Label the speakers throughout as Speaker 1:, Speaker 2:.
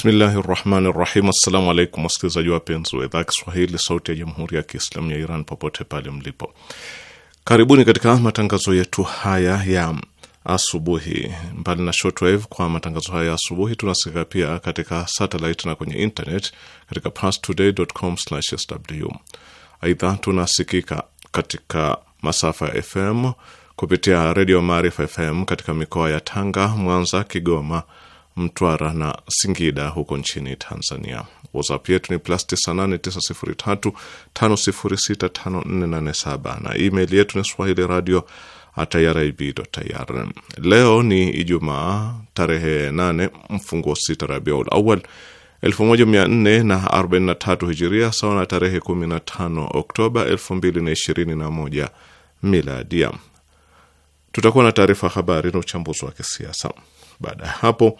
Speaker 1: Bismillahi rahmani rahim. Assalamu alaikum wasikilizaji wapenzi wa idhaa Kiswahili sauti ya jamhuri ya Kiislamu ya Iran popote pale mlipo, karibuni katika matangazo yetu haya ya asubuhi. Mbali na shortwave, kwa matangazo haya ya asubuhi tunasikika pia katika satellite na kwenye internet katika pastodaycom sw Aidha, tunasikika katika masafa ya FM kupitia redio Maarifa FM katika mikoa ya Tanga, Mwanza, Kigoma Mtwara na Singida huko nchini Tanzania. WhatsApp yetu ni plus 989035065487 na email yetu ni swahili radio irib.ir. Leo ni Ijumaa tarehe 8 mfungo 6 Rabiul Awal 1443 Hijiria, sawa na tarehe 15 Oktoba 2021 Miladia. Tutakuwa na taarifa habari na uchambuzi wa kisiasa. Baada ya hapo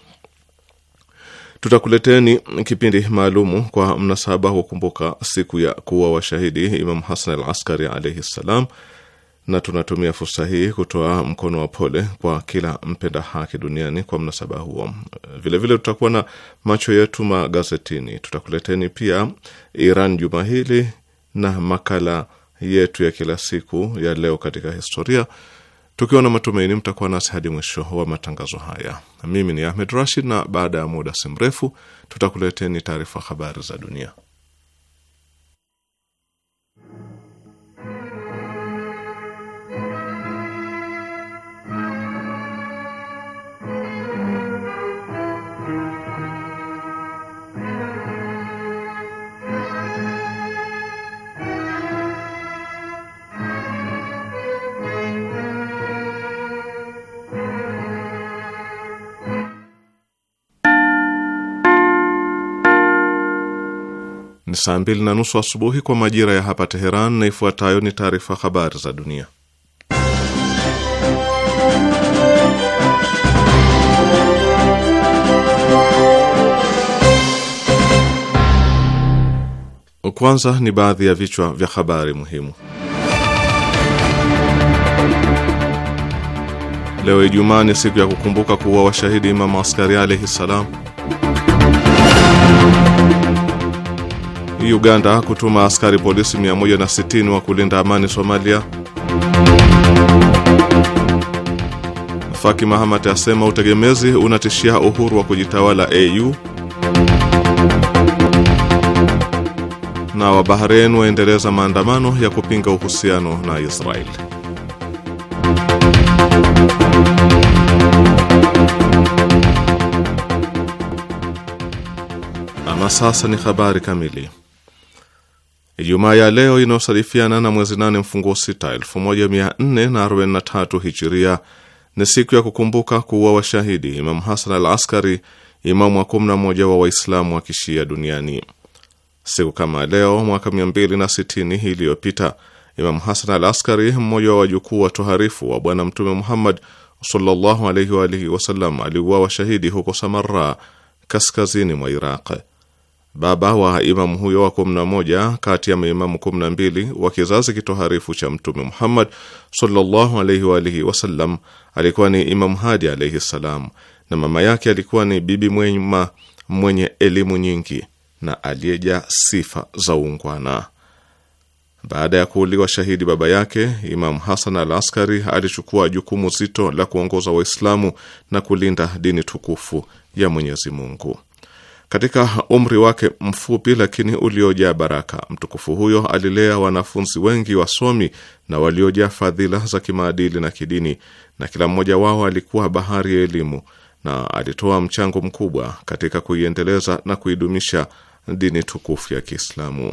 Speaker 1: Tutakuleteni kipindi maalumu kwa mnasaba wa kumbuka siku ya kuwa washahidi Imam Hasan al Askari alaihi ssalam, na tunatumia fursa hii kutoa mkono wa pole kwa kila mpenda haki duniani kwa mnasaba huo. Vilevile tutakuwa na macho yetu magazetini, tutakuleteni pia Iran juma hili na makala yetu ya kila siku ya leo katika historia Tukiwa na matumaini mtakuwa nasi hadi mwisho wa matangazo haya. Mimi ni Ahmed Rashid, na baada ya muda si mrefu tutakuleteni taarifa habari za dunia. Ni saa mbili na nusu asubuhi kwa majira ya hapa Teheran, na ifuatayo ni taarifa habari za dunia. Kwanza ni baadhi ya vichwa vya habari muhimu leo. Ijumaa ni siku ya kukumbuka kuwa washahidi Imamu Askari alaihi ssalam. Uganda kutuma askari polisi 160 wa kulinda amani Somalia. Faki Mahamat asema utegemezi unatishia uhuru wa kujitawala AU. Na wa Bahrain waendeleza maandamano ya kupinga uhusiano na Israel. Ama sasa ni habari kamili. Ijumaa ya leo inayosadifiana na mwezi nane mfungo sita tatu hijiria ni siku ya kukumbuka kuwa washahidi Imamu Hasan al Askari, imamu wa 11 wa Waislamu wa kishia duniani. Siku kama leo mwaka 260 iliyopita Imamu Hasan al Askari, mmoja wa wajukuu watoharifu wa Bwana Mtume Muhammad sallallahu alaihi wa alihi wasallam, aliuawa shahidi huko Samarra, kaskazini mwa Iraq baba wa imamu huyo wa kumi na moja kati ya maimamu kumi na mbili wa kizazi kitoharifu cha Mtume Muhammad sallallahu alaihi wa alihi wasallam alikuwa ni Imamu Hadi alaihi ssalam na mama yake alikuwa ni bibi mwema mwenye elimu nyingi na aliyejaa sifa za uungwana. Baada ya kuuliwa shahidi baba yake, Imamu Hasan al Askari alichukua jukumu zito la kuongoza Waislamu na kulinda dini tukufu ya Mwenyezi Mungu. Katika umri wake mfupi lakini uliojaa baraka, mtukufu huyo alilea wanafunzi wengi wasomi na waliojaa fadhila za kimaadili na kidini, na kila mmoja wao alikuwa bahari ya elimu na alitoa mchango mkubwa katika kuiendeleza na kuidumisha dini tukufu ya Kiislamu.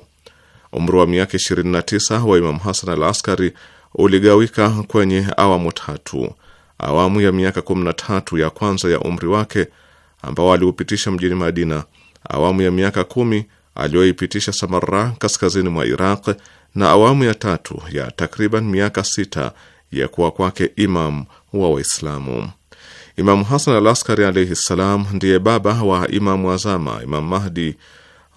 Speaker 1: Umri wa miaka 29 wa Imamu Hasan al Askari uligawika kwenye awamu tatu. Awamu ya miaka 13 ya kwanza ya umri wake ambao aliupitisha mjini Madina. Awamu ya miaka kumi aliyoipitisha Samarra kaskazini mwa Iraq na awamu ya tatu ya takriban miaka sita ya kuwa kwake imam wa Waislamu. Imamu Hasan al Askari alaihi ssalam ndiye baba wa Imamu Azama, Imamu Mahdi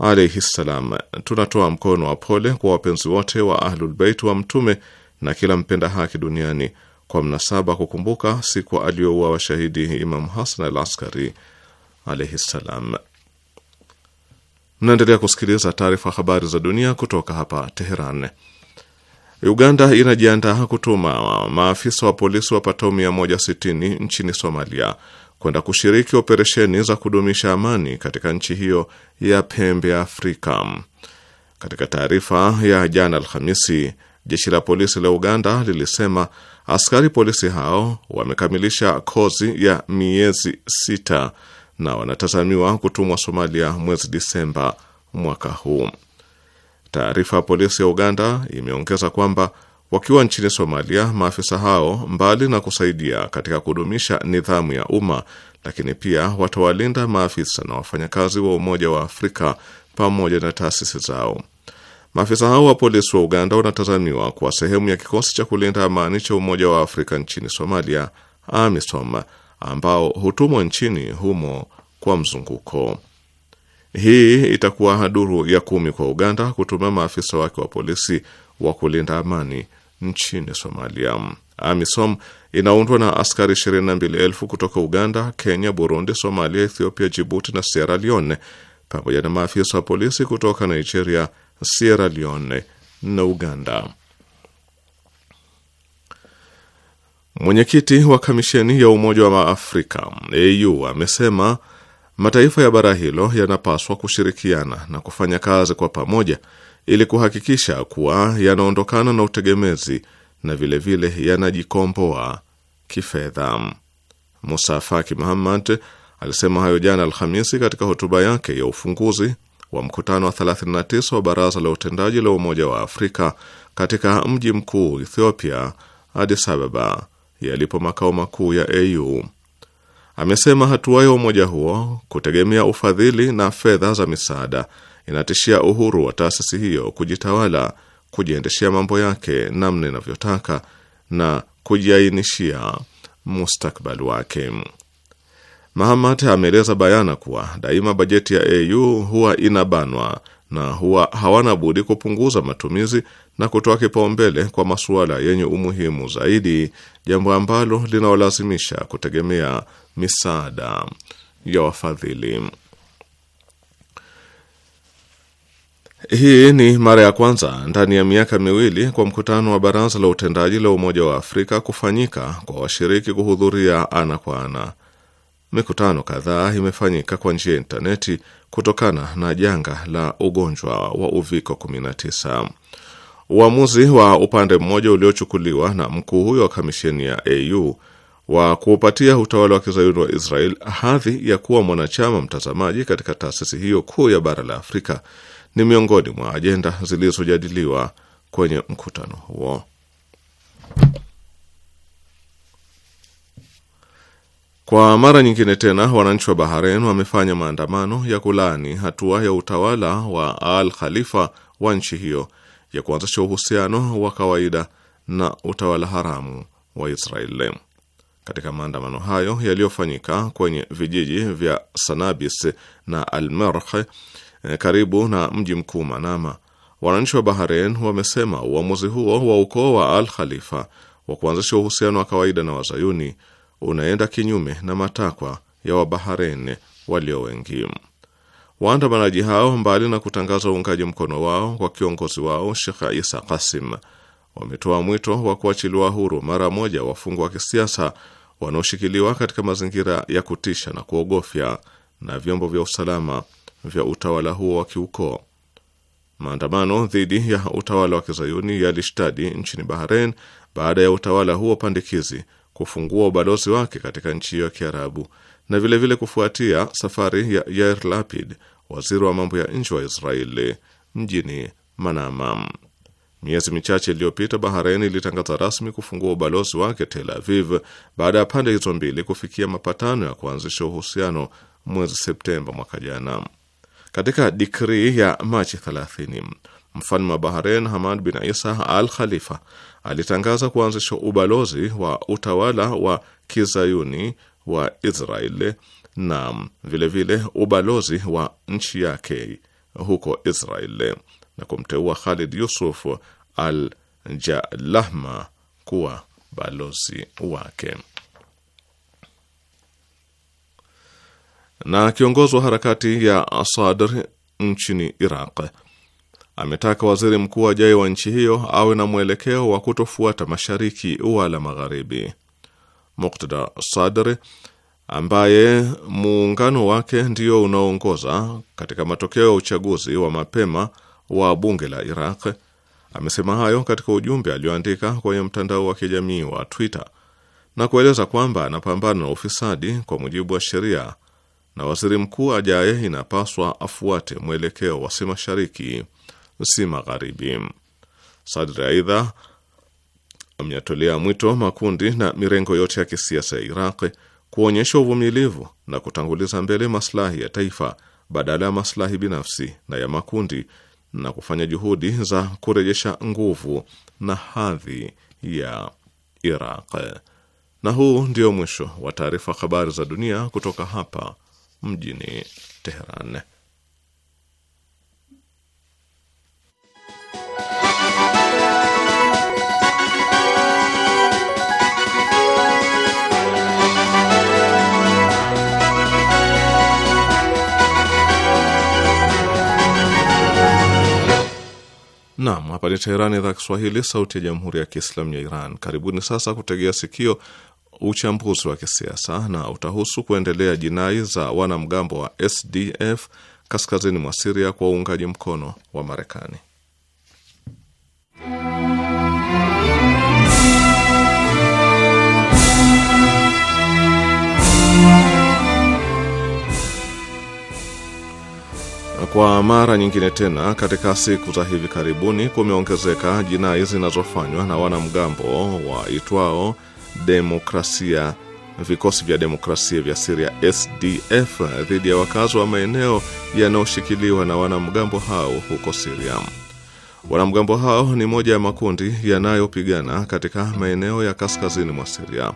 Speaker 1: alaihi ssalam. Tunatoa mkono wa pole kwa wapenzi wote wa Ahlulbeit wa Mtume na kila mpenda haki duniani kwa mnasaba kukumbuka siku aliyouawa shahidi Imamu Hasan al Askari alaihi ssalam. Mnaendelea kusikiliza taarifa habari za dunia kutoka hapa Teheran. Uganda inajiandaa kutuma maafisa wa polisi wapatao 160 nchini Somalia kwenda kushiriki operesheni za kudumisha amani katika nchi hiyo ya pembe ya Afrika. Katika taarifa ya jana Alhamisi, jeshi la polisi la Uganda lilisema askari polisi hao wamekamilisha kozi ya miezi sita na wanatazamiwa kutumwa Somalia mwezi Disemba mwaka huu. Taarifa ya polisi ya Uganda imeongeza kwamba wakiwa nchini Somalia, maafisa hao mbali na kusaidia katika kudumisha nidhamu ya umma, lakini pia watawalinda maafisa na wafanyakazi wa Umoja wa Afrika pamoja na taasisi zao. Maafisa hao wa polisi wa Uganda wanatazamiwa kwa sehemu ya kikosi cha kulinda amani cha Umoja wa Afrika nchini Somalia, AMISOM, ambao hutumwa nchini humo kwa mzunguko. Hii itakuwa haduru ya kumi kwa Uganda kutumia maafisa wake wa polisi wa kulinda amani nchini Somalia. AMISOM inaundwa na askari 22,000 kutoka Uganda, Kenya, Burundi, Somalia, Ethiopia, Jibuti na Sierra Leone, pamoja na maafisa wa polisi kutoka Nigeria, Sierra Leone na Uganda. Mwenyekiti wa kamisheni ya Umoja wa Afrika AU amesema mataifa ya bara hilo yanapaswa kushirikiana na kufanya kazi kwa pamoja ili kuhakikisha kuwa yanaondokana na utegemezi na vilevile yanajikomboa kifedha. Musa Faki Muhammad alisema hayo jana Alhamisi katika hotuba yake ya ufunguzi wa mkutano wa 39 wa Baraza la Utendaji la Umoja wa Afrika katika mji mkuu Ethiopia, Addis Ababa yalipo makao makuu ya AU. Amesema hatua ya umoja huo kutegemea ufadhili na fedha za misaada inatishia uhuru wa taasisi hiyo kujitawala, kujiendeshea mambo yake namna inavyotaka na kujiainishia mustakbali wake. Mahamat ameeleza bayana kuwa daima bajeti ya AU huwa inabanwa na huwa hawana budi kupunguza matumizi na kutoa kipaumbele kwa masuala yenye umuhimu zaidi, jambo ambalo linaolazimisha kutegemea misaada ya wafadhili. Hii ni mara ya kwanza ndani ya miaka miwili kwa mkutano wa baraza la utendaji la Umoja wa Afrika kufanyika kwa washiriki kuhudhuria ana kwa ana. Mikutano kadhaa imefanyika kwa njia ya intaneti kutokana na janga la ugonjwa wa uviko 19. Uamuzi wa upande mmoja uliochukuliwa na mkuu huyo wa kamisheni ya AU wa kuupatia utawala wa kizayuni wa Israel hadhi ya kuwa mwanachama mtazamaji katika taasisi hiyo kuu ya bara la Afrika ni miongoni mwa ajenda zilizojadiliwa kwenye mkutano huo. Kwa mara nyingine tena wananchi wa Bahrain wamefanya maandamano ya kulaani hatua ya utawala wa Al Khalifa wa nchi hiyo ya kuanzisha uhusiano wa kawaida na utawala haramu wa Israeli. Katika maandamano hayo yaliyofanyika kwenye vijiji vya Sanabis na almerh eh, karibu na mji mkuu Manama, wananchi wa Bahrain wamesema uamuzi huo wa ukoo wa Al Khalifa wa kuanzisha uhusiano wa kawaida na Wazayuni unaenda kinyume na matakwa ya Wabahrain walio wengi. Waandamanaji hao mbali na kutangaza uungaji mkono wao kwa kiongozi wao shekh Isa Kasim, wametoa mwito wa kuachiliwa huru mara moja wafungwa wa kisiasa wanaoshikiliwa katika mazingira ya kutisha na kuogofya na vyombo vya usalama vya utawala huo wa kiukoo. Maandamano dhidi ya utawala wa kizayuni yalishtadi nchini Bahrain baada ya utawala huo pandikizi kufungua ubalozi wake katika nchi hiyo ya Kiarabu na vilevile vile kufuatia safari ya Yair Lapid waziri wa mambo ya nje wa Israeli mjini Manama. Miezi michache iliyopita, Bahrain ilitangaza rasmi kufungua ubalozi wake Tel Aviv baada ya pande hizo mbili kufikia mapatano ya kuanzisha uhusiano mwezi Septemba mwaka jana. Katika dikrii ya Machi 30 mfalme wa Bahrain Hamad bin Isa al Khalifa alitangaza kuanzisha ubalozi wa utawala wa kizayuni wa Israeli na vilevile vile ubalozi wa nchi yake huko Israel na kumteua Khalid Yusuf al Jalahma kuwa balozi wake. Na kiongozi wa harakati ya Sadr nchini Iraq ametaka waziri mkuu ajaye wa nchi hiyo awe na mwelekeo wa kutofuata mashariki wala magharibi. Muqtada Sadr ambaye muungano wake ndio unaoongoza katika matokeo ya uchaguzi wa mapema wa bunge la Iraq amesema hayo katika ujumbe aliyoandika kwenye mtandao wa kijamii wa Twitter na kueleza kwamba anapambana na ufisadi kwa mujibu wa sheria na waziri mkuu ajaye inapaswa afuate mwelekeo wa si mashariki si magharibi. Sadri aidha ameyatolea mwito makundi na mirengo yote ya kisiasa ya Iraq kuonyesha uvumilivu na kutanguliza mbele maslahi ya taifa badala ya maslahi binafsi na ya makundi na kufanya juhudi za kurejesha nguvu na hadhi ya Iraq. Na huu ndio mwisho wa taarifa habari za dunia kutoka hapa mjini Teheran. Naam, hapa ni Teherani, idhaa Kiswahili, sauti ya jamhuri ya kiislamu ya Iran. Karibuni sasa kutegea sikio uchambuzi wa kisiasa na utahusu kuendelea jinai za wanamgambo wa SDF kaskazini mwa Siria kwa uungaji mkono wa Marekani. Kwa mara nyingine tena katika siku za hivi karibuni kumeongezeka jinai zinazofanywa na wanamgambo waitwao demokrasia vikosi vya demokrasia vya Siria SDF dhidi ya wakazi wa maeneo yanayoshikiliwa na wanamgambo hao huko siria Wanamgambo hao ni moja ya makundi yanayopigana katika maeneo ya kaskazini mwa siria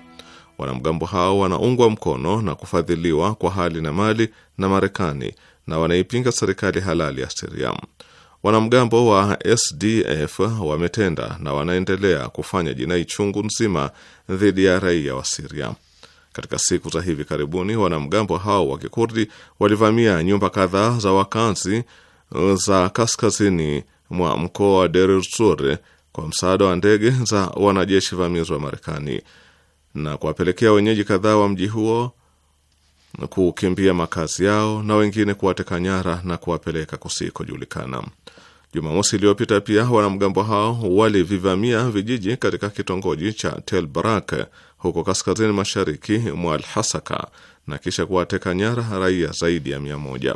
Speaker 1: Wanamgambo hao wanaungwa mkono na kufadhiliwa kwa hali na mali na Marekani na wanaipinga serikali halali ya Siria. Wanamgambo wa SDF wametenda na wanaendelea kufanya jinai chungu nzima dhidi ya raia wa Siria. Katika siku za hivi karibuni, wanamgambo hao wa Kikurdi walivamia nyumba kadhaa za wakazi uh, za kaskazini mwa mkoa wa Deir ez-Zor kwa msaada wa ndege za wanajeshi vamizi wa Marekani na kuwapelekea wenyeji kadhaa wa mji huo kukimbia makazi yao na wengine kuwateka nyara na kuwapeleka kusikojulikana. Jumamosi iliyopita pia wanamgambo hao walivivamia vijiji katika kitongoji cha Tel Barak huko kaskazini mashariki mwa Alhasaka na kisha kuwateka nyara raia zaidi ya mia moja.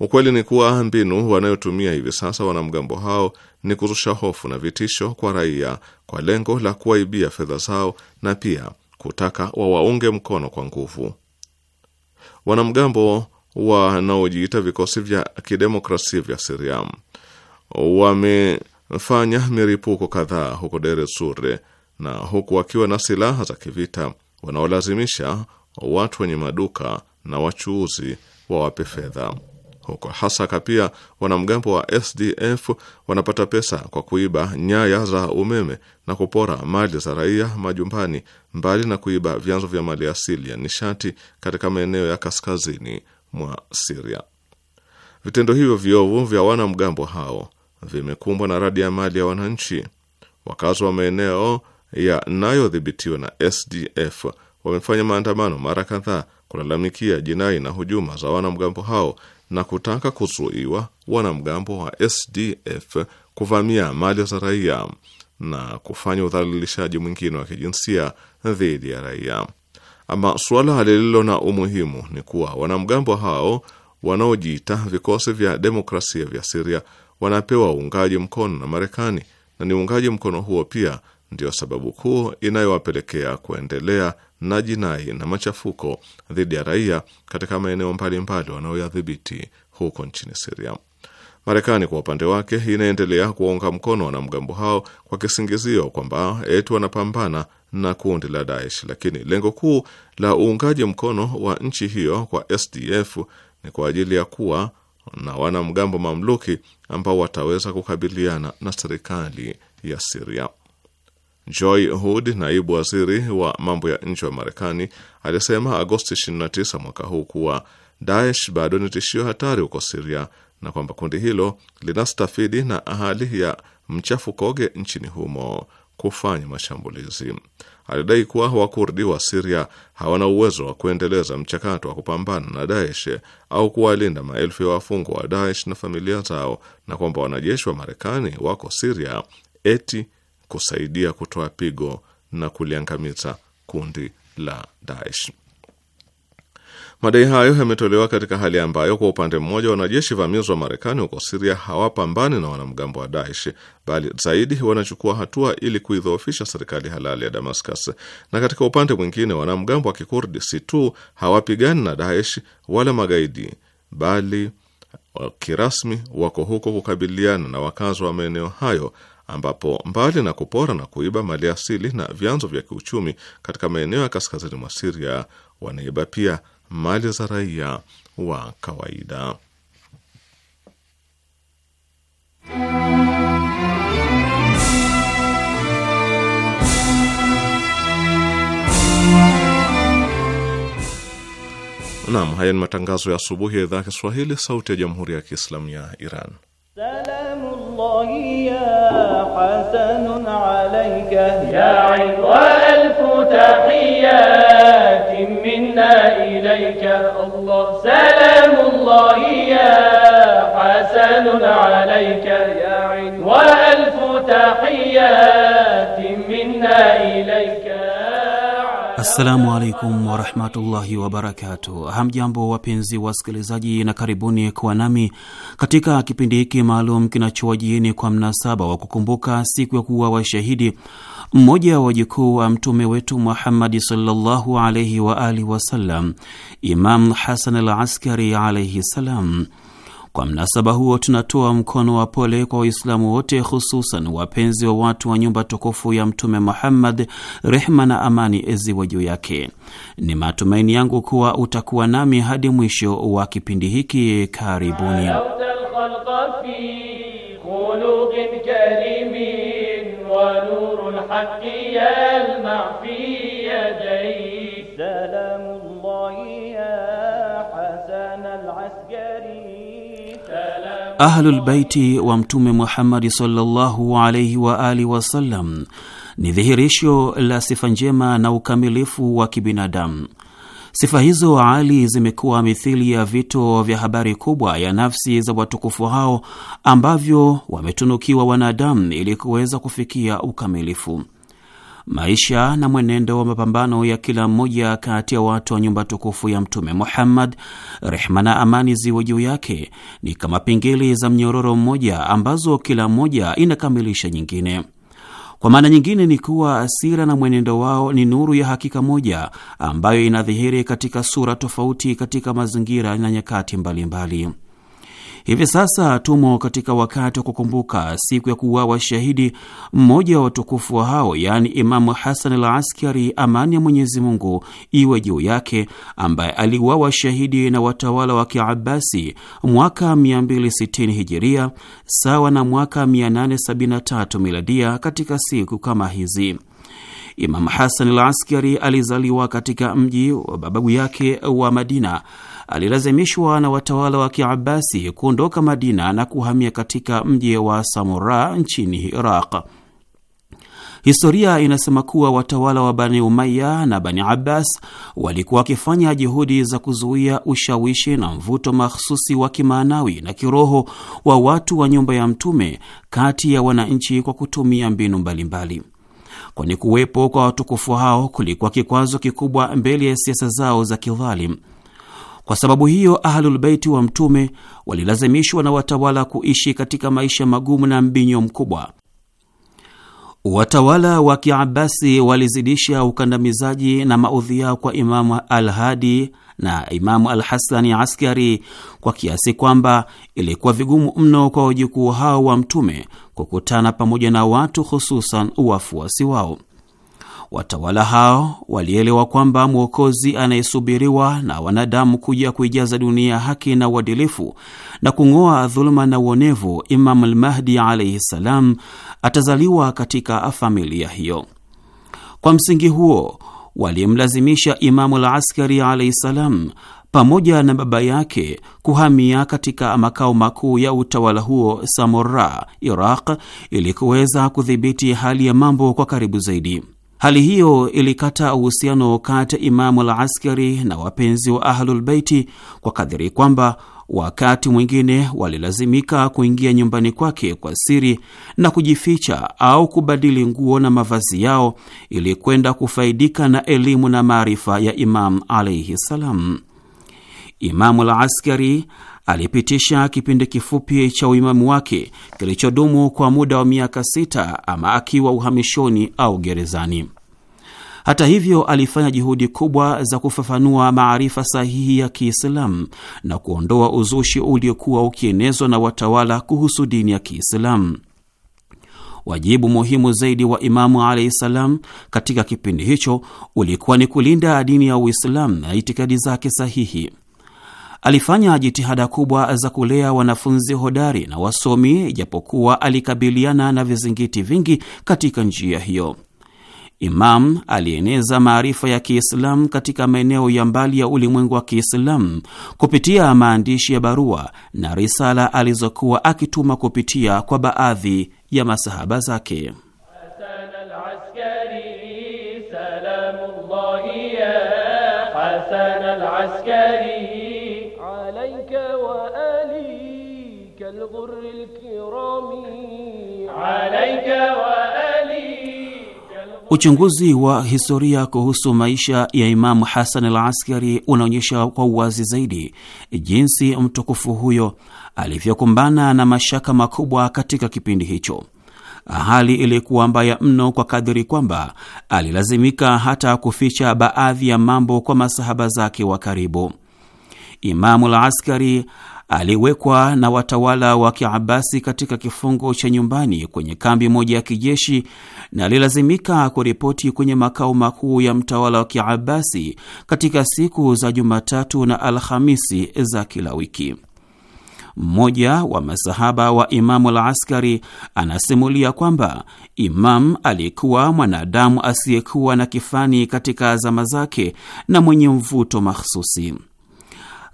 Speaker 1: Ukweli ni kuwa mbinu wanayotumia hivi sasa wanamgambo hao ni kuzusha hofu na vitisho kwa raia kwa lengo la kuwaibia fedha zao na pia kutaka wawaunge mkono kwa nguvu wanamgambo wanaojiita vikosi vya kidemokrasia vya Siria wamefanya miripuko kadhaa huko Deresure na huku wakiwa na silaha za kivita wanaolazimisha watu wenye maduka na wachuuzi wawape fedha huko Hasaka. Pia wanamgambo wa SDF wanapata pesa kwa kuiba nyaya za umeme na kupora mali za raia majumbani, mbali na kuiba vyanzo vya mali asili ya nishati katika maeneo ya kaskazini mwa Siria. Vitendo hivyo viovu vya wanamgambo hao vimekumbwa na radi ya mali ya wananchi. Wakazi wa maeneo yanayodhibitiwa na SDF wamefanya maandamano mara kadhaa kulalamikia jinai na hujuma za wanamgambo hao na kutaka kuzuiwa wanamgambo wa SDF kuvamia mali za raia na kufanya udhalilishaji mwingine wa kijinsia dhidi ya raia. Ama suala lililo na umuhimu ni kuwa wanamgambo hao wanaojiita vikosi vya demokrasia vya Siria wanapewa uungaji mkono na Marekani, na ni uungaji mkono huo pia ndio sababu kuu inayowapelekea kuendelea na jinai na machafuko dhidi ya raia katika maeneo mbalimbali wanaoyadhibiti huko nchini Siria. Marekani kwa upande wake inaendelea kuwaunga mkono wanamgambo hao kwa kisingizio kwamba eti wanapambana na kundi la Daesh, lakini lengo kuu la uungaji mkono wa nchi hiyo kwa SDF ni kwa ajili ya kuwa na wanamgambo mamluki ambao wataweza kukabiliana na serikali ya Siria. Joy Hood, naibu waziri wa mambo ya nje wa Marekani, alisema Agosti 29 mwaka huu kuwa Daesh bado ni tishio hatari huko Siria na kwamba kundi hilo linastafidi na hali ya mchafukoge nchini humo kufanya mashambulizi. Alidai kuwa Wakurdi wa Siria hawana uwezo wa kuendeleza mchakato wa kupambana na Daesh au kuwalinda maelfu ya wafungwa wa Daesh na familia zao, na kwamba wanajeshi wa Marekani wako Siria eti kusaidia kutoa pigo na kuliangamiza kundi la Daesh. Madai hayo yametolewa katika hali ambayo kwa upande mmoja wanajeshi vamizi wa Marekani huko Siria hawapambani na wanamgambo wa Daesh bali zaidi wanachukua hatua ili kuidhoofisha serikali halali ya Damascus, na katika upande mwingine wanamgambo wa Kikurdi si tu hawapigani na Daesh wala magaidi bali kirasmi wako huko kukabiliana na wakazi wa maeneo hayo ambapo mbali na kupora na kuiba mali asili na vyanzo vya kiuchumi katika maeneo ya kaskazini mwa Siria, wanaiba pia mali za raia wa kawaida. Naam, haya ni matangazo ya asubuhi ya idhaa ya Kiswahili, sauti ya jamhuri ya kiislamu ya Iran. Salam.
Speaker 2: الله يا حسن عليك يا
Speaker 3: عطر ألف تحيات
Speaker 4: منا إليك الله سلام الله يا حسن عليك يا عطر ألف تحيات منا إليك
Speaker 5: Assalamu alaikum warahmatullahi wabarakatu Hamjambo wapenzi wasikilizaji, na karibuni kuwa nami katika kipindi hiki maalum kinachowajieni kwa mnasaba wa kukumbuka siku ya kuwa washahidi mmoja wa wajukuu wa mtume wetu Muhammadi sallallahu alaihi waalihi wasallam, Imam Hasan al Askari alaihi salam. Kwa mnasaba huo, tunatoa mkono wa pole kwa Waislamu wote, hususan wapenzi wa watu wa nyumba tukufu ya Mtume Muhammad, rehma na amani eziwe juu yake. Ni matumaini yangu kuwa utakuwa nami hadi mwisho wa kipindi hiki. Karibuni. Ahlulbeiti wa Mtume Muhammadi sallallahu alaihi wa alihi wasallam ni dhihirisho la sifa njema na ukamilifu wa kibinadamu. Sifa hizo ali zimekuwa mithili ya vito vya habari kubwa ya nafsi za watukufu hao ambavyo wametunukiwa wanadamu ili kuweza kufikia ukamilifu maisha na mwenendo wa mapambano ya kila mmoja kati ya watu wa nyumba tukufu ya Mtume Muhammad, rehma na amani ziwe juu yake, ni kama pingili za mnyororo mmoja ambazo kila mmoja inakamilisha nyingine. Kwa maana nyingine ni kuwa asira na mwenendo wao ni nuru ya hakika moja ambayo inadhihiri katika sura tofauti katika mazingira na nyakati mbalimbali mbali. Hivi sasa tumo katika wakati wa kukumbuka siku ya kuuawa shahidi mmoja wa watukufu wa hao, yaani Imamu Hasan al Askari, amani ya Mwenyezi Mungu iwe juu yake, ambaye aliuawa shahidi na watawala wa Kiabasi mwaka 260 Hijiria, sawa na mwaka 873 Miladia, katika siku kama hizi. Imamu Hasan al Askari alizaliwa katika mji wa babu yake wa Madina alilazimishwa na watawala wa Kiabasi kuondoka Madina na kuhamia katika mji wa Samura nchini Iraq. Historia inasema kuwa watawala wa Bani Umaya na Bani Abbas walikuwa wakifanya juhudi za kuzuia ushawishi na mvuto mahsusi wa kimaanawi na kiroho wa watu wa nyumba ya Mtume kati ya wananchi kwa kutumia mbinu mbalimbali, kwani kuwepo kwa watukufu hao kulikuwa kikwazo kikubwa mbele ya siasa zao za kidhalimu. Kwa sababu hiyo Ahlulbeiti wa Mtume walilazimishwa na watawala kuishi katika maisha magumu na mbinyo mkubwa. Watawala wa Kiabasi walizidisha ukandamizaji na maudhi yao kwa Imamu Alhadi na Imamu Al Hasani Askari kwa kiasi kwamba ilikuwa vigumu mno kwa wajukuu hao wa Mtume kukutana pamoja na watu, hususan wafuasi wao. Watawala hao walielewa kwamba mwokozi anayesubiriwa na wanadamu kuja kuijaza dunia haki na uadilifu na kung'oa dhuluma na uonevu, Imam lmahdi alaihi ssalam, atazaliwa katika familia hiyo. Kwa msingi huo walimlazimisha Imamu al-Askari alaihi ssalam pamoja na baba yake kuhamia katika makao makuu ya utawala huo Samora, Iraq, ili kuweza kudhibiti hali ya mambo kwa karibu zaidi. Hali hiyo ilikata uhusiano kati ya Imamu al Askari na wapenzi wa Ahlulbeiti kwa kadhiri kwamba wakati mwingine walilazimika kuingia nyumbani kwake kwa siri na kujificha au kubadili nguo na mavazi yao ili kwenda kufaidika na elimu na maarifa ya Imamu alaihi salam. Imamu al Askari alipitisha kipindi kifupi cha uimamu wake kilichodumu kwa muda wa miaka sita, ama akiwa uhamishoni au gerezani. Hata hivyo alifanya juhudi kubwa za kufafanua maarifa sahihi ya Kiislamu na kuondoa uzushi uliokuwa ukienezwa na watawala kuhusu dini ya Kiislamu. Wajibu muhimu zaidi wa Imamu alaihi salam katika kipindi hicho ulikuwa ni kulinda dini ya Uislamu na itikadi zake sahihi. Alifanya jitihada kubwa za kulea wanafunzi hodari na wasomi, ijapokuwa alikabiliana na vizingiti vingi katika njia hiyo. Imam alieneza maarifa ya Kiislamu katika maeneo ya mbali ya ulimwengu wa Kiislamu kupitia maandishi ya barua na risala alizokuwa akituma kupitia kwa baadhi ya masahaba zake. Uchunguzi wa historia kuhusu maisha ya Imamu Hasan al Askari unaonyesha kwa uwazi zaidi jinsi mtukufu huyo alivyokumbana na mashaka makubwa katika kipindi hicho. Hali ilikuwa mbaya mno kwa kadiri kwamba alilazimika hata kuficha baadhi ya mambo kwa masahaba zake wa karibu. Imamu al Askari aliwekwa na watawala wa Kiabasi katika kifungo cha nyumbani kwenye kambi moja ya kijeshi na alilazimika kuripoti kwenye makao makuu ya mtawala wa Kiabasi katika siku za Jumatatu na Alhamisi za kila wiki. Mmoja wa masahaba wa Imamu al Askari anasimulia kwamba Imamu alikuwa mwanadamu asiyekuwa na kifani katika azama zake na mwenye mvuto mahsusi.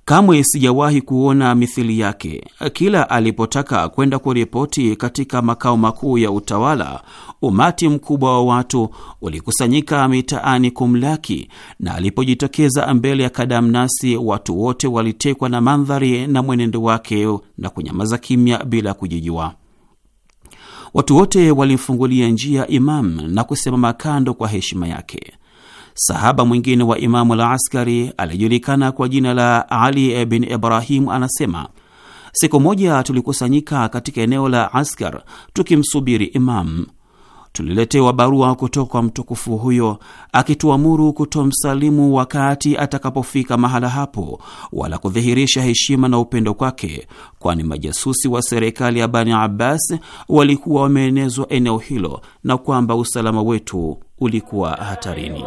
Speaker 5: Kamwe sijawahi kuona mithili yake. Kila alipotaka kwenda kuripoti katika makao makuu ya utawala, umati mkubwa wa watu ulikusanyika mitaani kumlaki, na alipojitokeza mbele ya kadamnasi, watu wote walitekwa na mandhari na mwenendo wake na kunyamaza kimya bila kujijua. Watu wote walimfungulia njia Imam na kusimama kando kwa heshima yake. Sahaba mwingine wa Imamu la Askari aliyejulikana kwa jina la Ali bin Ibrahim anasema siku moja tulikusanyika katika eneo la Askar tukimsubiri Imamu. Tuliletewa barua kutoka kwa mtukufu huyo akituamuru kutomsalimu wakati atakapofika mahala hapo, wala kudhihirisha heshima na upendo kwake, kwani majasusi wa serikali ya Bani Abbas walikuwa wameenezwa eneo hilo na kwamba usalama wetu ulikuwa hatarini.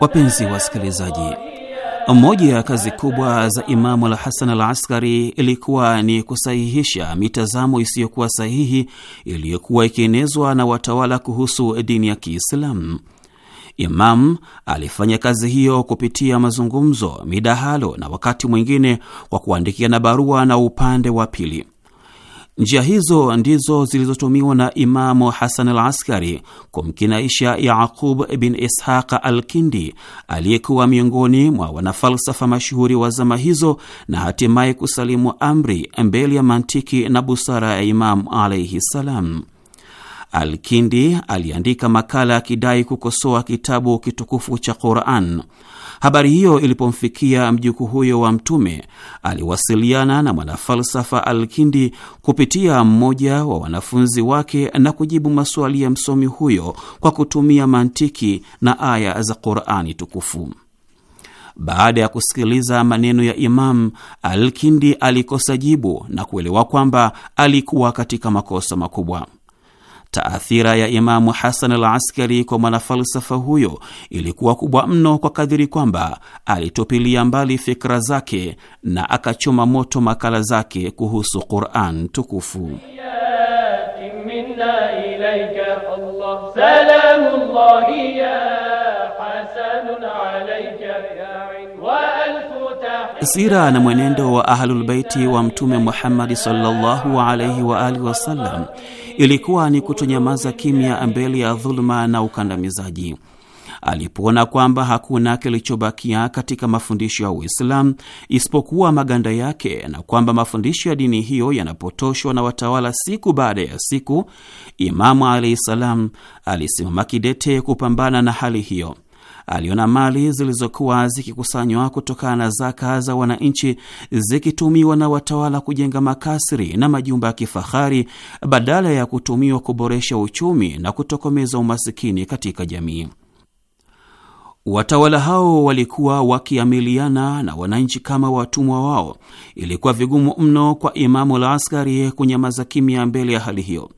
Speaker 5: Wapenzi wasikilizaji, moja ya kazi kubwa za Imamu al Hasan al Askari ilikuwa ni kusahihisha mitazamo isiyokuwa sahihi iliyokuwa ikienezwa na watawala kuhusu dini ya Kiislamu. Imam alifanya kazi hiyo kupitia mazungumzo, midahalo na wakati mwingine kwa kuandikia na barua na upande wa pili. Njia hizo ndizo zilizotumiwa na Imamu Hasan al Askari kumkinaisha Yaqub bin Ishaq al Kindi aliyekuwa miongoni mwa wanafalsafa mashuhuri wa zama hizo na hatimaye kusalimu amri mbele ya mantiki na busara ya Imamu alaihi ssalam Alkindi aliandika makala akidai kukosoa kitabu kitukufu cha Quran. Habari hiyo ilipomfikia mjukuu huyo wa Mtume, aliwasiliana na mwanafalsafa Alkindi kupitia mmoja wa wanafunzi wake na kujibu maswali ya msomi huyo kwa kutumia mantiki na aya za Qurani tukufu. Baada ya kusikiliza maneno ya Imam Alkindi alikosa jibu na kuelewa kwamba alikuwa katika makosa makubwa. Taathira ya Imamu Hasan al Askari kwa mwanafalsafa huyo ilikuwa kubwa mno kwa kadhiri kwamba alitupilia mbali fikra zake na akachoma moto makala zake kuhusu Quran tukufu. ya Sira na mwenendo wa Ahlulbeiti wa Mtume Muhammadi sallallahu alaihi wa alihi wasallam ilikuwa ni kutonyamaza kimya mbele ya dhuluma na ukandamizaji. Alipoona kwamba hakuna kilichobakia katika mafundisho ya Uislamu isipokuwa maganda yake na kwamba mafundisho ya dini hiyo yanapotoshwa na watawala siku baada ya siku, Imamu alaihi salam alisimama kidete kupambana na hali hiyo aliona mali zilizokuwa zikikusanywa kutokana na zaka za wananchi zikitumiwa na watawala kujenga makasri na majumba ya kifahari badala ya kutumiwa kuboresha uchumi na kutokomeza umasikini katika jamii. Watawala hao walikuwa wakiamiliana na wananchi kama watumwa wao. Ilikuwa vigumu mno kwa Imamu la Askari kunyamaza kimya mbele ya hali hiyo,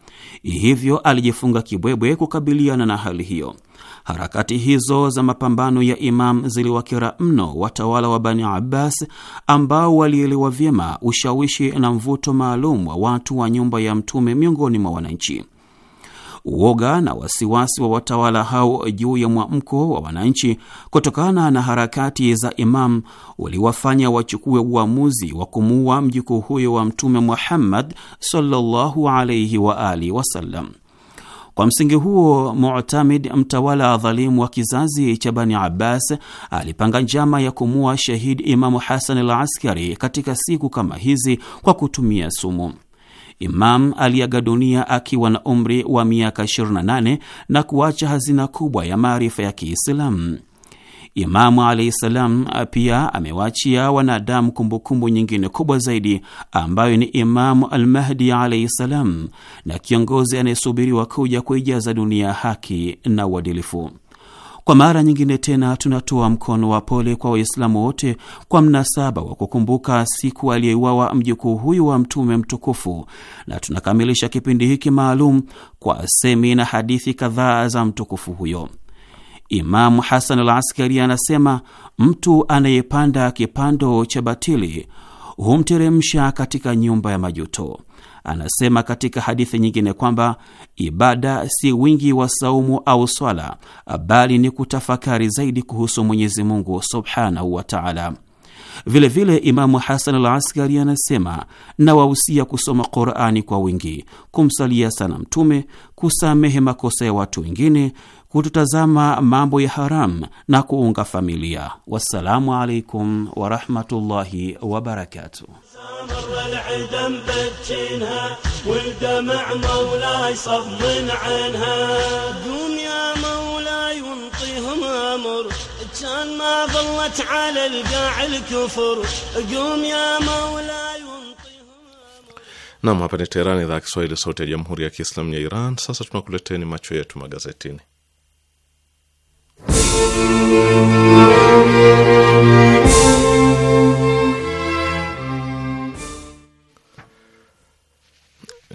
Speaker 5: hivyo alijifunga kibwebwe kukabiliana na hali hiyo. Harakati hizo za mapambano ya Imam ziliwakera mno watawala wa Bani Abbas ambao walielewa vyema ushawishi na mvuto maalum wa watu wa nyumba ya Mtume miongoni mwa wananchi. Uoga na wasiwasi wa watawala hao juu ya mwamko wa wananchi kutokana na harakati za Imam uliwafanya wachukue uamuzi wa kumuua mjukuu huyo wa Mtume Muhammad sallallahu alaihi wa alihi wasallam. Kwa msingi huo, Mutamid, mtawala dhalimu wa kizazi cha Bani Abbas, alipanga njama ya kumua shahidi Imamu Hasan al Askari katika siku kama hizi kwa kutumia sumu. Imam aliaga dunia akiwa na umri wa miaka 28 na kuacha hazina kubwa ya maarifa ya Kiislamu. Imamu alaihi salam pia amewaachia wanadamu kumbukumbu nyingine kubwa zaidi ambayo ni Imamu Almahdi alaihi salam na kiongozi anayesubiriwa kuja kuijaza dunia haki na uadilifu. Kwa mara nyingine tena tunatoa mkono wa pole kwa Waislamu wote kwa mnasaba wa kukumbuka siku aliyeuawa mjukuu huyu wa Mtume mtukufu, na tunakamilisha kipindi hiki maalum kwa semi na hadithi kadhaa za mtukufu huyo. Imamu Hasan al Askari anasema mtu anayepanda kipando cha batili humteremsha katika nyumba ya majuto. Anasema katika hadithi nyingine kwamba ibada si wingi wa saumu au swala, bali ni kutafakari zaidi kuhusu Mwenyezi Mungu subhanahu wa taala. Vilevile Imamu Hasan al Askari anasema nawahusia kusoma Qurani kwa wingi, kumsalia sana Mtume, kusamehe makosa ya watu wengine kututazama mambo ya haram na kuunga familia. Wassalamu alaikum warahmatullahi wabarakatuh.
Speaker 1: Nam, hapa ni Teherani, idhaa ya Kiswahili, sauti ya jamhuri ya kiislamu ya Iran. Sasa tunakuleteni macho yetu magazetini.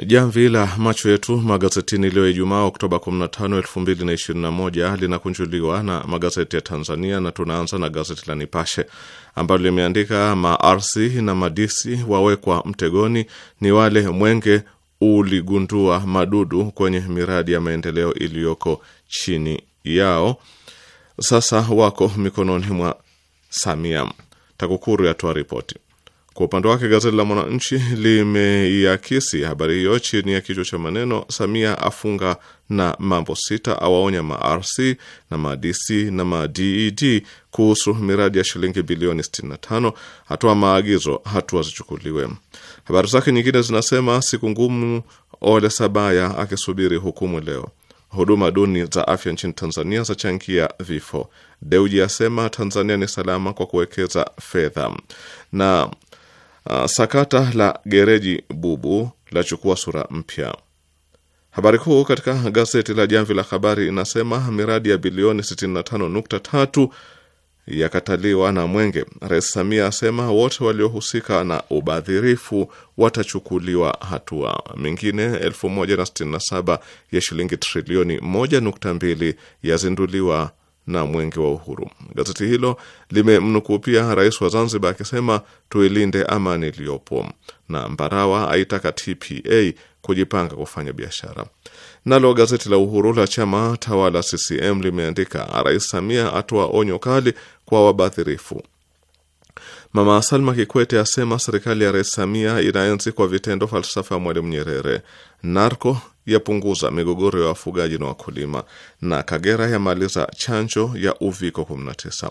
Speaker 1: Jamvi la macho yetu magazetini leo Ijumaa Oktoba 15, 2021 linakunjuliwa na magazeti ya Tanzania na tunaanza na gazeti la Nipashe ambalo limeandika maarsi na madisi wawekwa mtegoni, ni wale mwenge uligundua madudu kwenye miradi ya maendeleo iliyoko chini yao sasa wako mikononi mwa Samia. TAKUKURU yatoa ripoti. Kwa upande wake gazeti la Mwananchi limeiakisi habari hiyo chini ya kichwa cha maneno, Samia afunga na mambo sita, awaonya ma-RC na ma-DC na ma-DED e kuhusu miradi ya shilingi bilioni 65, atoa maagizo hatua zichukuliwe. Habari zake nyingine zinasema siku ngumu, Ole Sabaya akisubiri hukumu leo huduma duni za afya nchini Tanzania zachangia vifo. Deuji asema Tanzania ni salama kwa kuwekeza fedha, na uh, sakata la gereji bubu lachukua sura mpya. Habari kuu katika gazeti la Jamvi la Habari inasema miradi ya bilioni 65.3 yakataliwa na Mwenge. Rais Samia asema wote waliohusika na ubadhirifu watachukuliwa hatua. Mengine 1067 ya shilingi trilioni 1.2 yazinduliwa na Mwenge wa Uhuru. Gazeti hilo limemnukuu pia rais wa Zanzibar akisema tuilinde amani iliyopo, na Mbarawa aitaka TPA kujipanga kufanya biashara. Nalo gazeti la Uhuru la chama tawala CCM limeandika Rais Samia atoa onyo kali kwa wabadhirifu. Mama Salma Kikwete asema serikali ya Rais Samia inaenzi kwa vitendo falsafa ya Mwalimu Nyerere. Narco yapunguza migogoro ya wafugaji na wakulima, na Kagera yamaliza chanjo ya uviko 19.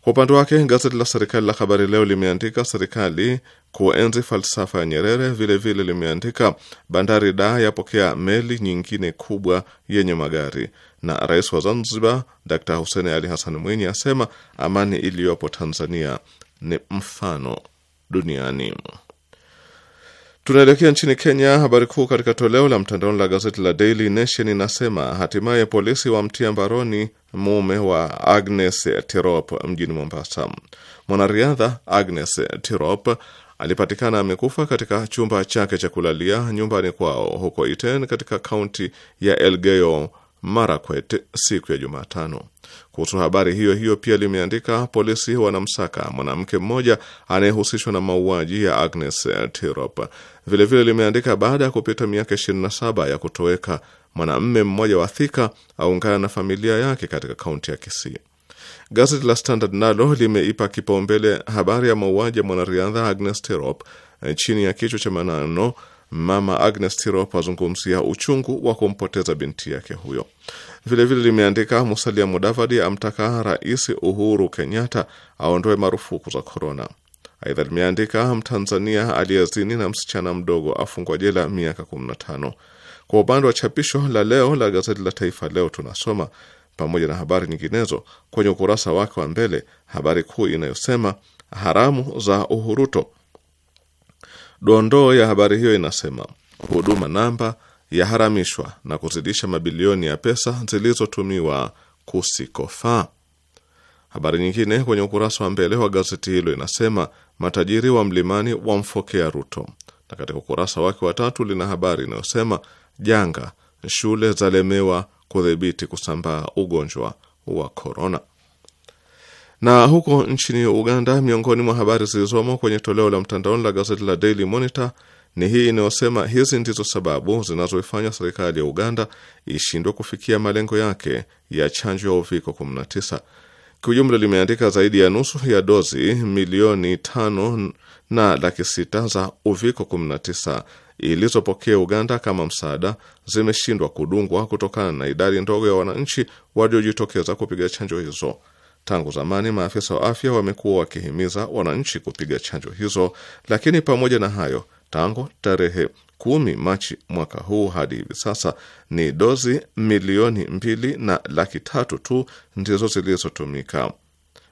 Speaker 1: Kwa upande wake gazeti la serikali la Habari Leo limeandika serikali kuenzi falsafa ya Nyerere vile vile limeandika bandari da yapokea meli nyingine kubwa yenye magari, na rais wa Zanzibar Dr. Hussein Ali Hassan Mwinyi asema amani iliyopo Tanzania ni mfano duniani. Tunaelekea nchini Kenya. Habari kuu katika toleo la mtandaoni la gazeti la Daily Nation inasema hatimaye polisi wamtia mbaroni mume wa Agnes Tirop mjini Mombasa. Mwanariadha Agnes Tirop alipatikana amekufa katika chumba chake cha kulalia nyumbani kwao huko Iten katika kaunti ya Elgeyo Marakwet siku ya Jumatano. Kuhusu habari hiyo hiyo pia limeandika polisi wanamsaka mwanamke mmoja anayehusishwa na mauaji ya Agnes Tirop. Vilevile limeandika baada ya kupita miaka 27 ya kutoweka, mwanamme mmoja wa Thika aungana na familia yake katika kaunti ya Kisii. Gazeti la Standard nalo limeipa kipaumbele habari ya mauaji ya mwanariadha Agnes Tirop e, chini ya kichwa cha maneno Mama Agnes Tirop azungumzia uchungu wa kumpoteza binti yake huyo. Vilevile limeandika Musalia Mudavadi amtaka Rais Uhuru Kenyatta aondoe marufuku za korona. Aidha limeandika Mtanzania aliyezini na msichana mdogo afungwa jela miaka 15. Kwa upande wa chapisho la leo la gazeti la Taifa Leo tunasoma pamoja na habari nyinginezo kwenye ukurasa wake wa mbele, habari kuu inayosema haramu za Uhuruto. Dondoo ya habari hiyo inasema huduma namba yaharamishwa na kuzidisha mabilioni ya pesa zilizotumiwa kusikofaa. Habari nyingine kwenye ukurasa wa mbele wa gazeti hilo inasema matajiri wa mlimani wamfokea Ruto, na katika ukurasa wake wa tatu lina habari inayosema janga shule zalemewa kudhibiti kusambaa ugonjwa wa korona. Na huko nchini Uganda, miongoni mwa habari zilizomo kwenye toleo la mtandaoni la gazeti la Daily Monitor ni hii inayosema hizi ndizo sababu zinazoifanya serikali ya Uganda ishindwe kufikia malengo yake ya chanjo ya uviko 19. Kiujumla limeandika zaidi ya nusu ya dozi milioni tano na laki sita za uviko 19 ilizopokea Uganda kama msaada zimeshindwa kudungwa kutokana na idadi ndogo ya wananchi waliojitokeza kupiga chanjo hizo. Tangu zamani maafisa wa afya wamekuwa wakihimiza wananchi kupiga chanjo hizo, lakini pamoja na hayo, tangu tarehe kumi Machi mwaka huu hadi hivi sasa ni dozi milioni mbili na laki tatu tu ndizo zilizotumika.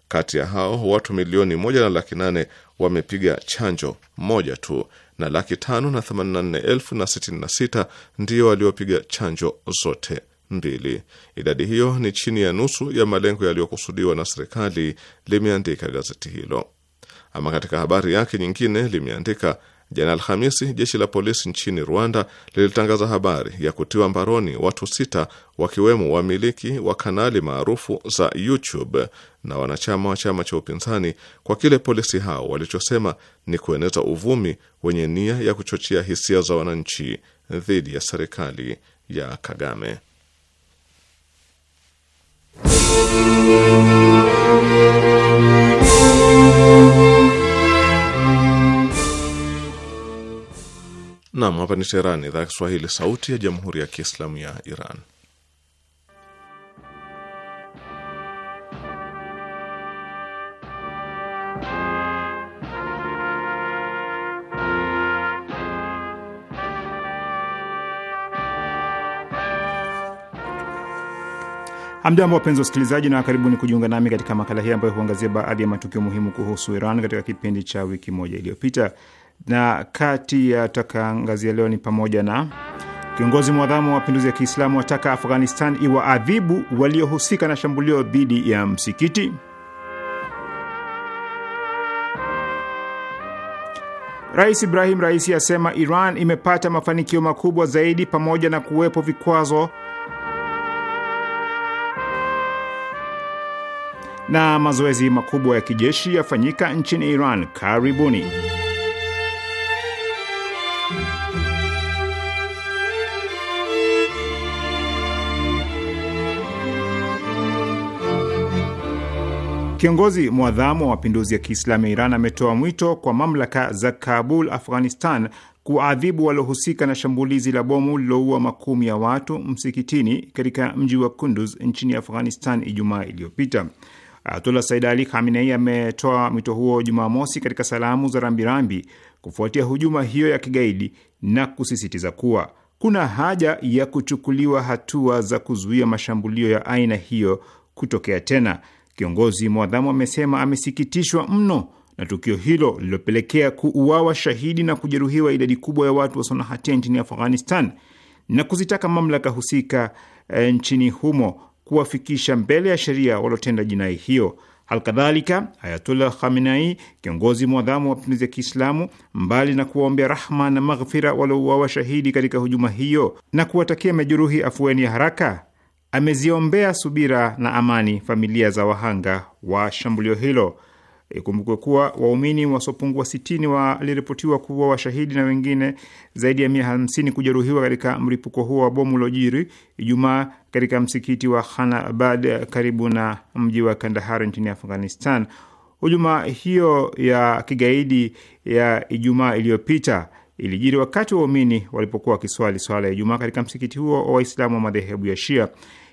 Speaker 1: Kati ya hao watu milioni moja na laki nane wamepiga chanjo moja tu na laki tano na themanini na nne elfu na sitini na sita ndiyo waliopiga chanjo zote mbili. Idadi hiyo ni chini ya nusu ya malengo yaliyokusudiwa na serikali, limeandika gazeti hilo. Ama katika habari yake nyingine limeandika Jana Alhamisi, jeshi la polisi nchini Rwanda lilitangaza habari ya kutiwa mbaroni watu sita wakiwemo wamiliki wa kanali maarufu za YouTube na wanachama wa chama cha upinzani kwa kile polisi hao walichosema ni kueneza uvumi wenye nia ya kuchochea hisia za wananchi dhidi ya serikali ya Kagame. Nam, hapa ni Teheran, idhaa ya Kiswahili, sauti ya jamhuri ya kiislamu ya Iran.
Speaker 6: Hamjambo, wapenzi wasikilizaji, na karibuni kujiunga nami katika makala hii ambayo huangazia baadhi ya matukio muhimu kuhusu Iran katika kipindi cha wiki moja iliyopita na kati ya tutakaangazia leo ni pamoja na kiongozi mwadhamu wa mapinduzi ya Kiislamu wataka Afghanistan iwaadhibu waliohusika na shambulio dhidi ya msikiti. Rais Ibrahim Raisi asema Iran imepata mafanikio makubwa zaidi pamoja na kuwepo vikwazo. Na mazoezi makubwa ya kijeshi yafanyika nchini Iran karibuni. Kiongozi mwadhamu wa mapinduzi ya Kiislamu ya Iran ametoa mwito kwa mamlaka za Kabul, Afghanistan kuwaadhibu waliohusika na shambulizi la bomu lililoua makumi ya watu msikitini katika mji wa Kunduz nchini Afghanistan Ijumaa iliyopita. Ayatullah Said Ali Khamenei ametoa mwito huo Jumamosi katika salamu za rambirambi kufuatia hujuma hiyo ya kigaidi na kusisitiza kuwa kuna haja ya kuchukuliwa hatua za kuzuia mashambulio ya aina hiyo kutokea tena. Kiongozi mwadhamu amesema amesikitishwa mno na tukio hilo lililopelekea kuuawa shahidi na kujeruhiwa idadi kubwa ya watu wasio na hatia nchini Afghanistan na kuzitaka mamlaka husika e, nchini humo kuwafikisha mbele ya sheria waliotenda jinai hiyo. Alkadhalika, Ayatullah Khamenei, kiongozi mwadhamu wa mapinduzi ya Kiislamu, mbali na kuwaombea rahma na maghfira waliouawa shahidi katika hujuma hiyo na kuwatakia majeruhi afueni ya haraka, ameziombea subira na amani familia za wahanga wa shambulio hilo. Ikumbukwe kuwa waumini wasiopungua sitini waliripotiwa kuwa washahidi na wengine zaidi ya mia hamsini kujeruhiwa katika mlipuko huo wa bomu lojiri Ijumaa katika msikiti wa Khanabad karibu na mji wa Kandahar nchini Afghanistan. Hujuma hiyo ya kigaidi ya Ijumaa iliyopita ilijiri wakati waumini walipokuwa wakiswali swala ya Ijumaa katika msikiti huo wa Waislamu wa madhehebu ya Shia.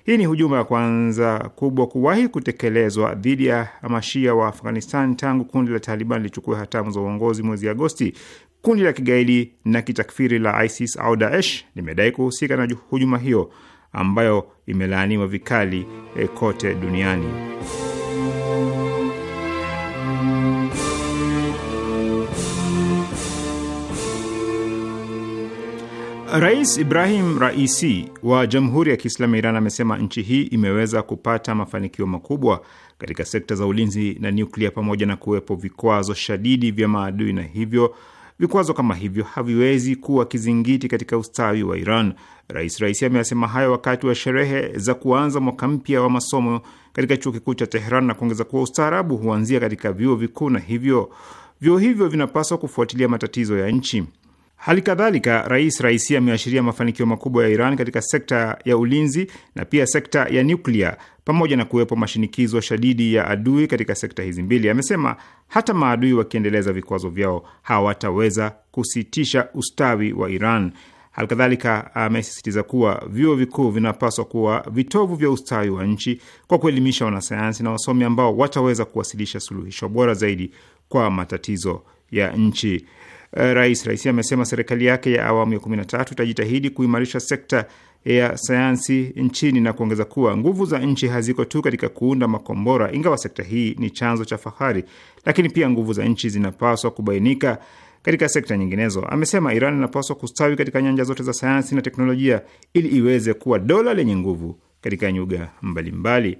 Speaker 6: Hii ni hujuma ya kwanza kubwa kuwahi kutekelezwa dhidi ya mashia wa Afghanistan tangu kundi la Taliban lilichukua hatamu za uongozi mwezi Agosti. Kundi la kigaidi na kitakfiri la ISIS au Daesh limedai kuhusika na hujuma hiyo ambayo imelaaniwa vikali eh, kote duniani. Rais Ibrahim Raisi wa Jamhuri ya Kiislamu ya Iran amesema nchi hii imeweza kupata mafanikio makubwa katika sekta za ulinzi na nyuklia pamoja na kuwepo vikwazo shadidi vya maadui, na hivyo vikwazo kama hivyo haviwezi kuwa kizingiti katika ustawi wa Iran. Rais Raisi ameyasema hayo wakati wa sherehe za kuanza mwaka mpya wa masomo katika chuo kikuu cha Tehran na kuongeza kuwa ustaarabu huanzia katika vyuo vikuu na hivyo vyuo hivyo vinapaswa kufuatilia matatizo ya nchi. Hali kadhalika Rais Raisi ameashiria mafanikio makubwa ya Iran katika sekta ya ulinzi na pia sekta ya nyuklia pamoja na kuwepo mashinikizo shadidi ya adui katika sekta hizi mbili. Amesema hata maadui wakiendeleza vikwazo vyao hawataweza kusitisha ustawi wa Iran. Halikadhalika amesisitiza kuwa vyuo vikuu vinapaswa kuwa vitovu vya ustawi wa nchi kwa kuelimisha wanasayansi na wasomi ambao wataweza kuwasilisha suluhisho bora zaidi kwa matatizo ya nchi. Eh, rais. Rais amesema serikali yake ya awamu ya 13 itajitahidi kuimarisha sekta ya sayansi nchini na kuongeza kuwa nguvu za nchi haziko tu katika kuunda makombora, ingawa sekta hii ni chanzo cha fahari, lakini pia nguvu za nchi zinapaswa kubainika katika sekta nyinginezo. Amesema Iran inapaswa kustawi katika nyanja zote za sayansi na teknolojia ili iweze kuwa dola lenye nguvu katika nyuga mbalimbali.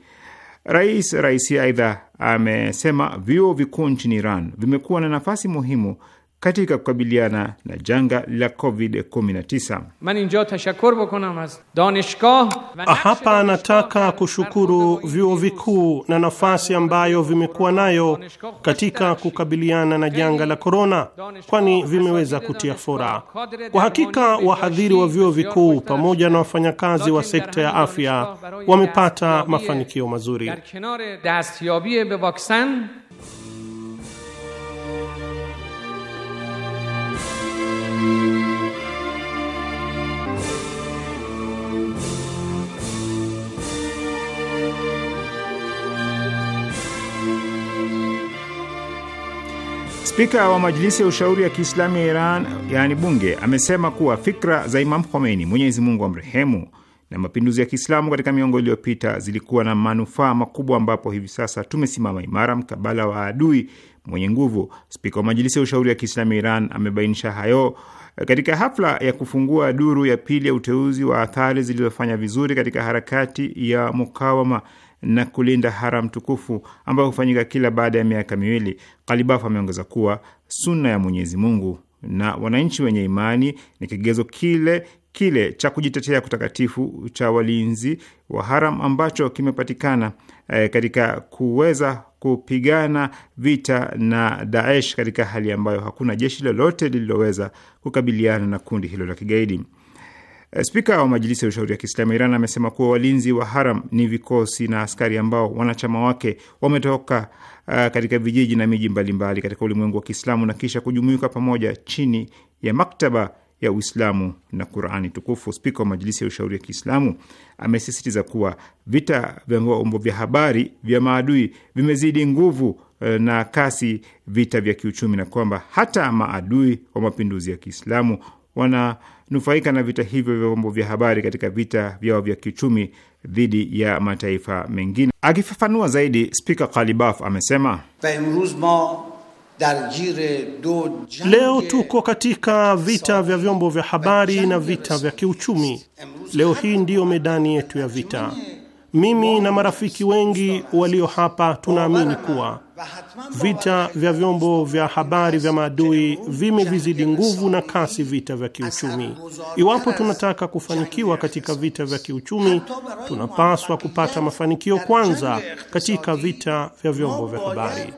Speaker 6: Rais Raisi aidha amesema vyuo vikuu nchini Iran vimekuwa na nafasi muhimu katika kukabiliana na janga la
Speaker 2: COVID-19. Hapa
Speaker 7: nataka kushukuru vyuo vikuu na nafasi ambayo vimekuwa nayo katika kukabiliana na janga la korona, kwani vimeweza kutia fora. Kwa hakika wahadhiri wa vyuo vikuu pamoja na wafanyakazi wa sekta ya afya
Speaker 4: wamepata mafanikio
Speaker 7: mazuri.
Speaker 6: Spika wa Majilisi ya Ushauri ya Kiislamu ya Iran yaani bunge amesema kuwa fikra za Imam Khomeini, Mwenyezi Mungu amrehemu, na mapinduzi ya Kiislamu katika miongo iliyopita zilikuwa na manufaa makubwa, ambapo hivi sasa tumesimama imara mkabala wa adui mwenye nguvu. Spika wa Majilisi ya Ushauri ya Kiislamu ya Iran amebainisha hayo katika hafla ya kufungua duru ya pili ya uteuzi wa athari zilizofanya vizuri katika harakati ya mukawama na kulinda haram tukufu ambayo hufanyika kila baada ya miaka miwili, Kalibaf ameongeza kuwa sunna ya Mwenyezi Mungu na wananchi wenye imani ni kigezo kile kile cha kujitetea kutakatifu cha walinzi wa haram ambacho kimepatikana e, katika kuweza kupigana vita na Daesh katika hali ambayo hakuna jeshi lolote lililoweza kukabiliana na kundi hilo la kigaidi. Eh, spika wa Majilisi ya Ushauri ya Kiislamu Iran amesema kuwa walinzi wa haram ni vikosi na askari ambao wanachama wake wametoka uh, katika vijiji na miji mbalimbali katika ulimwengu wa Kiislamu na kisha kujumuika pamoja chini ya maktaba ya Uislamu na Qurani Tukufu. Spika wa Majlisi ya Ushauri ya Kiislamu amesisitiza kuwa vita vya vyombo vya habari vya maadui vimezidi nguvu eh, na kasi vita vya kiuchumi, na kwamba hata maadui wa mapinduzi ya Kiislamu wananufaika na vita hivyo vya vyombo vya habari katika vita vyao vya kiuchumi dhidi ya mataifa mengine. Akifafanua zaidi, spika Kalibaf amesema
Speaker 7: Leo tuko katika vita vya vyombo vya habari na vita vya kiuchumi. Leo hii ndiyo medani yetu ya vita. Mimi na marafiki wengi walio hapa tunaamini kuwa Vita vya vyombo vya habari vya maadui vimevizidi nguvu na kasi vita vya kiuchumi. Iwapo tunataka kufanikiwa katika vita vya kiuchumi, tunapaswa kupata mafanikio kwanza katika vita vya vyombo vya habari.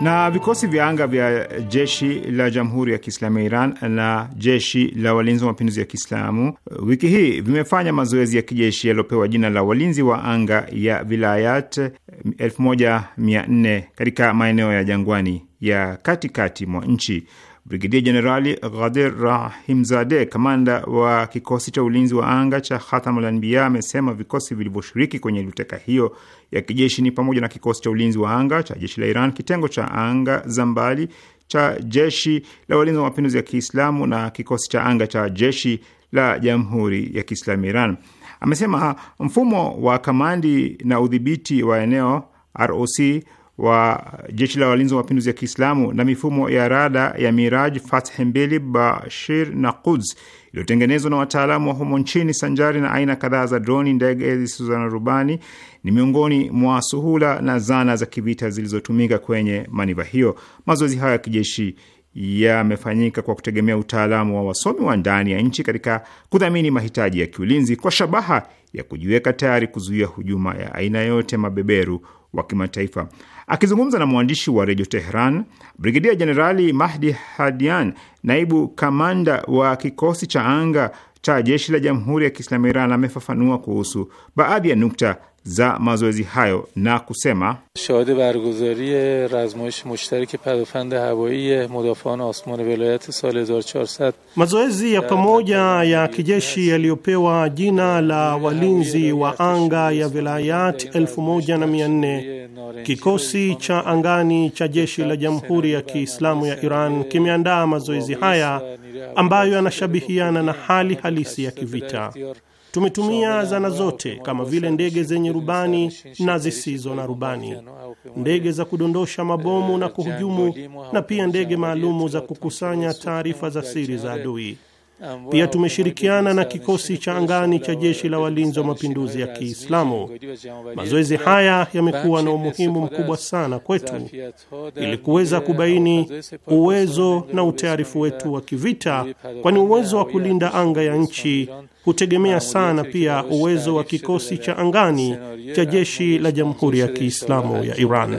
Speaker 6: na vikosi vya anga vya jeshi la Jamhuri ya Kiislamu ya Iran na jeshi la walinzi wa mapinduzi ya Kiislamu uh, wiki hii vimefanya mazoezi ya kijeshi yaliyopewa jina la walinzi wa anga ya Vilayat 1400 uh, katika maeneo ya jangwani ya katikati mwa nchi. Brigedia Jenerali Ghadir Rahimzade, kamanda wa kikosi cha ulinzi wa anga cha Hatam al-Anbiya, amesema vikosi vilivyoshiriki kwenye luteka hiyo ya kijeshi ni pamoja na kikosi cha ulinzi wa anga cha jeshi la Iran, kitengo cha anga za mbali cha jeshi la walinzi wa mapinduzi ya Kiislamu na kikosi cha anga cha jeshi la Jamhuri ya Kiislamu Iran. Amesema mfumo wa kamandi na udhibiti wa eneo ROC wa jeshi la walinzi wa mapinduzi ya Kiislamu na mifumo ya rada ya Miraj, Fath mbili, Bashir na Quds iliyotengenezwa na wataalamu wa humo nchini, sanjari na aina kadhaa za droni, ndege zisizo na rubani, ni miongoni mwa suhula na zana za kivita zilizotumika kwenye maniva hiyo. Mazoezi hayo ya kijeshi yamefanyika kwa kutegemea utaalamu wa wasomi wa ndani ya nchi katika kudhamini mahitaji ya kiulinzi kwa shabaha ya kujiweka tayari kuzuia hujuma ya aina yote mabeberu wa kimataifa. Akizungumza na mwandishi wa redio Tehran, Brigedia Jenerali Mahdi Hadian, naibu kamanda wa kikosi cha anga cha jeshi la jamhuri ya Kiislamu Iran, amefafanua kuhusu baadhi ya nukta za mazoezi hayo na kusema
Speaker 7: shahade bargozari razmoish mushtarik padofand hawai mudafaan asman velayat sal 1400 mazoezi ya pamoja ya kijeshi yaliyopewa jina la walinzi wa anga ya velayat 1400 kikosi cha angani cha jeshi la jamhuri ya Kiislamu ya Iran kimeandaa mazoezi haya ambayo yanashabihiana na hali halisi ya kivita Tumetumia zana zote kama vile ndege zenye rubani na zisizo na rubani, ndege za kudondosha mabomu na kuhujumu, na pia ndege maalumu za kukusanya taarifa za siri za adui. Pia tumeshirikiana na kikosi cha angani cha jeshi la walinzi wa mapinduzi ya Kiislamu. Mazoezi haya yamekuwa na umuhimu mkubwa sana kwetu ili kuweza kubaini uwezo na utayarifu wetu wa kivita, kwani uwezo wa kulinda anga ya nchi hutegemea sana pia uwezo wa kikosi cha angani cha jeshi la Jamhuri ya Kiislamu ya Iran.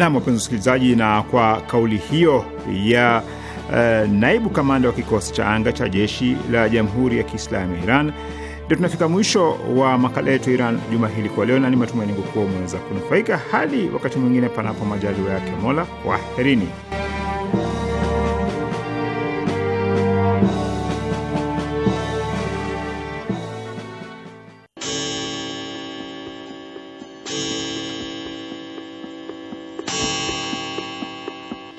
Speaker 6: Nam, wapenzi msikilizaji, na kwa kauli hiyo ya uh, naibu kamanda wa kikosi cha anga cha jeshi la Jamhuri ya Kiislamu ya Iran ndio tunafika mwisho wa makala yetu Iran juma hili kwa leo, na ni matumaini kuwa umeweza kunufaika. Hadi wakati mwingine, panapo majaliwa yake Mola, kwaherini.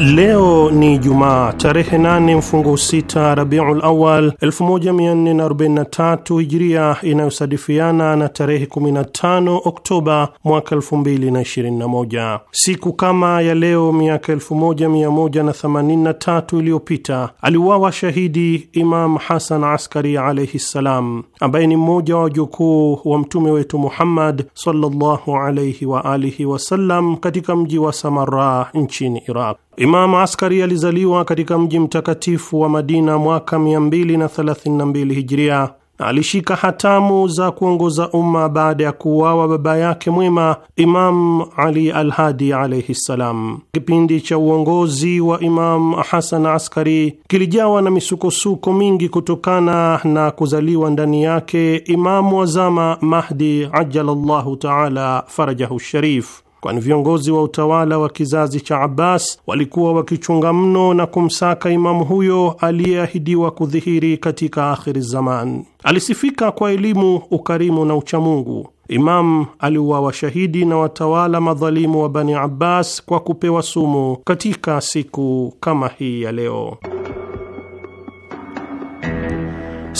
Speaker 7: Leo ni Jumaa tarehe 8 mfungo 6 Rabiul Awal 1443 Hijria, inayosadifiana na tarehe 15 Oktoba mwaka 2021. Siku kama ya leo miaka 1183 iliyopita aliuawa shahidi Imam Hasan Askari alaihi ssalam, ambaye ni mmoja wa wajukuu wa mtume wetu Muhammad sallallahu alaihi wasallam katika mji wa Samara nchini Iraq. Imam Askari alizaliwa katika mji mtakatifu wa Madina mwaka 232 hijria na alishika hatamu za kuongoza umma baada ya kuuawa baba yake mwema Imam Ali Alhadi alaihi ssalam. Kipindi cha uongozi wa Imam Hasan Askari kilijawa na misukosuko mingi kutokana na kuzaliwa ndani yake Imamu wazama Mahdi ajalallahu taala farajahu sharif kwani viongozi wa utawala wa kizazi cha Abbas walikuwa wakichunga mno na kumsaka imamu huyo aliyeahidiwa kudhihiri katika akhiri zaman. Alisifika kwa elimu, ukarimu na uchamungu. Imam aliuawa shahidi na watawala madhalimu wa Bani Abbas kwa kupewa sumu katika siku kama hii ya leo.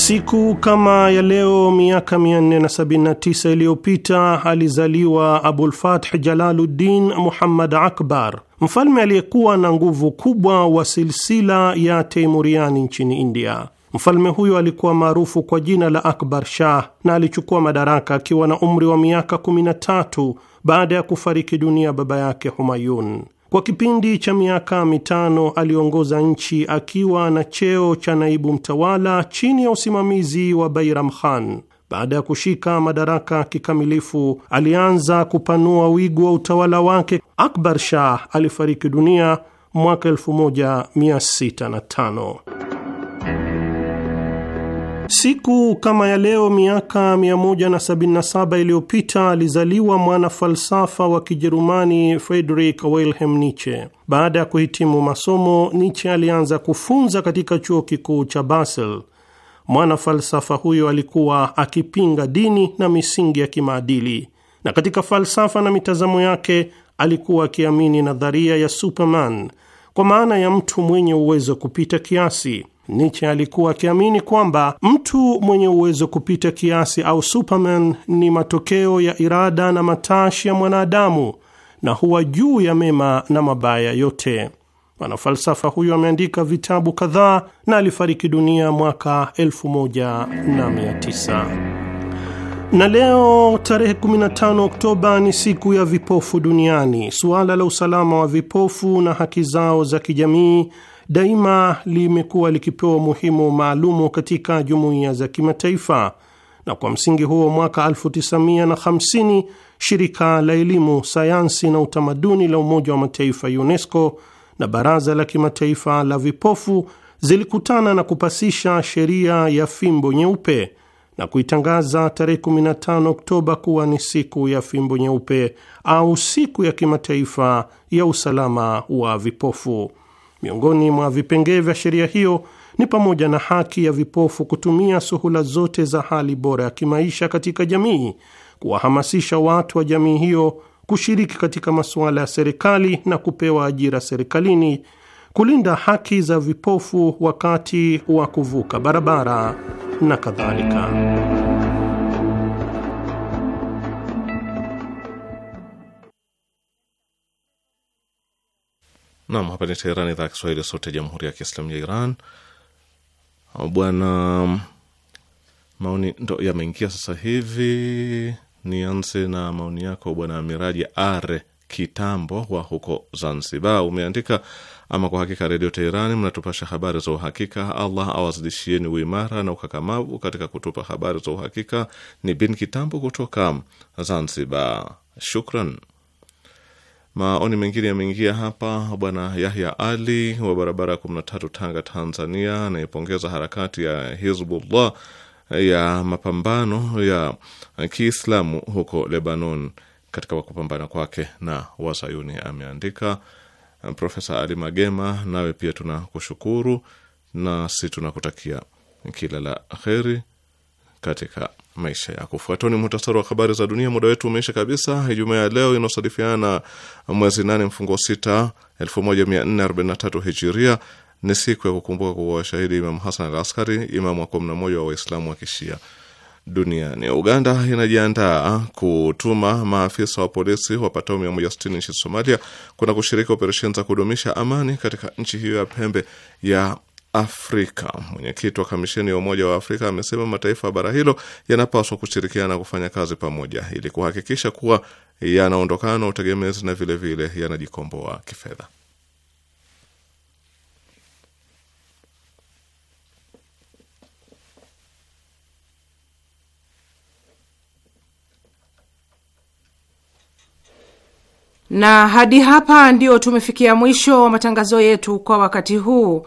Speaker 7: Siku kama ya leo miaka 479 iliyopita alizaliwa Abulfath Jalaluddin Muhammad Akbar, mfalme aliyekuwa na nguvu kubwa wa silsila ya Teimuriani nchini India. Mfalme huyo alikuwa maarufu kwa jina la Akbar Shah na alichukua madaraka akiwa na umri wa miaka 13 baada ya kufariki dunia baba yake Humayun. Kwa kipindi cha miaka mitano aliongoza nchi akiwa na cheo cha naibu mtawala chini ya usimamizi wa Bairam Khan. Baada ya kushika madaraka kikamilifu, alianza kupanua wigo wa utawala wake. Akbar Shah alifariki dunia mwaka 1605. Siku kama ya leo miaka 177 iliyopita alizaliwa mwana falsafa wa Kijerumani Friedrich Wilhelm Nietzsche. Baada ya kuhitimu masomo, Nietzsche alianza kufunza katika chuo kikuu cha Basel. mwana falsafa huyo alikuwa akipinga dini na misingi ya kimaadili, na katika falsafa na mitazamo yake alikuwa akiamini nadharia ya Superman, kwa maana ya mtu mwenye uwezo kupita kiasi Nietzsche alikuwa akiamini kwamba mtu mwenye uwezo kupita kiasi au Superman ni matokeo ya irada na matashi ya mwanadamu na huwa juu ya mema na mabaya yote. Mwanafalsafa huyo ameandika vitabu kadhaa na alifariki dunia mwaka 1900. Na leo tarehe 15 Oktoba ni siku ya vipofu duniani. Suala la usalama wa vipofu na haki zao za kijamii daima limekuwa likipewa umuhimu maalumu katika jumuiya za kimataifa, na kwa msingi huo mwaka 1950 shirika la elimu, sayansi na utamaduni la Umoja wa Mataifa UNESCO na Baraza la Kimataifa la Vipofu zilikutana na kupasisha sheria ya fimbo nyeupe na kuitangaza tarehe 15 Oktoba kuwa ni siku ya fimbo nyeupe au siku ya kimataifa ya usalama wa vipofu. Miongoni mwa vipengee vya sheria hiyo ni pamoja na haki ya vipofu kutumia suhula zote za hali bora ya kimaisha katika jamii, kuwahamasisha watu wa jamii hiyo kushiriki katika masuala ya serikali na kupewa ajira serikalini, kulinda haki za vipofu wakati wa kuvuka barabara
Speaker 1: na kadhalika. Nam, hapa ni Teheran, idhaa ya Kiswahili, sauti ya jamhuri ya kiislamu ya Iran. Ah, bwana, mm, maoni ndo yameingia sasa hivi. Nianze na maoni yako Bwana Miraji Are Kitambo wa huko Zanzibar. Umeandika, ama kwa hakika Redio Teherani mnatupasha habari za uhakika. Allah awazidishieni uimara na ukakamavu katika kutupa habari za uhakika. Ni bin Kitambo kutoka Zanzibar, shukran. Maoni mengine yameingia hapa. Bwana Yahya Ali wa barabara ya tatu, Tanga, Tanzania, anaipongeza harakati ya Hizbullah ya mapambano ya Kiislamu huko Lebanon katika kupambana kwake na Wazayuni. Ameandika Profesa Ali Magema, nawe pia tunakushukuru, si tunakutakia kila la kheri katika maisha yako. Fuatoni muhtasari wa habari za dunia. Muda wetu umeisha kabisa. Ijumaa ya leo inaosadifiana mwezi nane mfungo sita 1443 hijiria ni siku ya kukumbuka kuwa washahidi Imam Hasan al Askari, imamu wa kumi na moja wa Waislamu wa kishia duniani. Uganda inajiandaa kutuma maafisa wa polisi wapatao 160 nchini Somalia kuna kushiriki operesheni za kudumisha amani katika nchi hiyo ya pembe ya Afrika. Mwenyekiti wa kamisheni ya Umoja wa Afrika amesema mataifa ya bara hilo yanapaswa kushirikiana kufanya kazi pamoja ili kuhakikisha kuwa yanaondokana na utegemezi na vilevile yanajikomboa kifedha.
Speaker 2: Na hadi hapa ndio tumefikia mwisho wa matangazo yetu kwa wakati huu.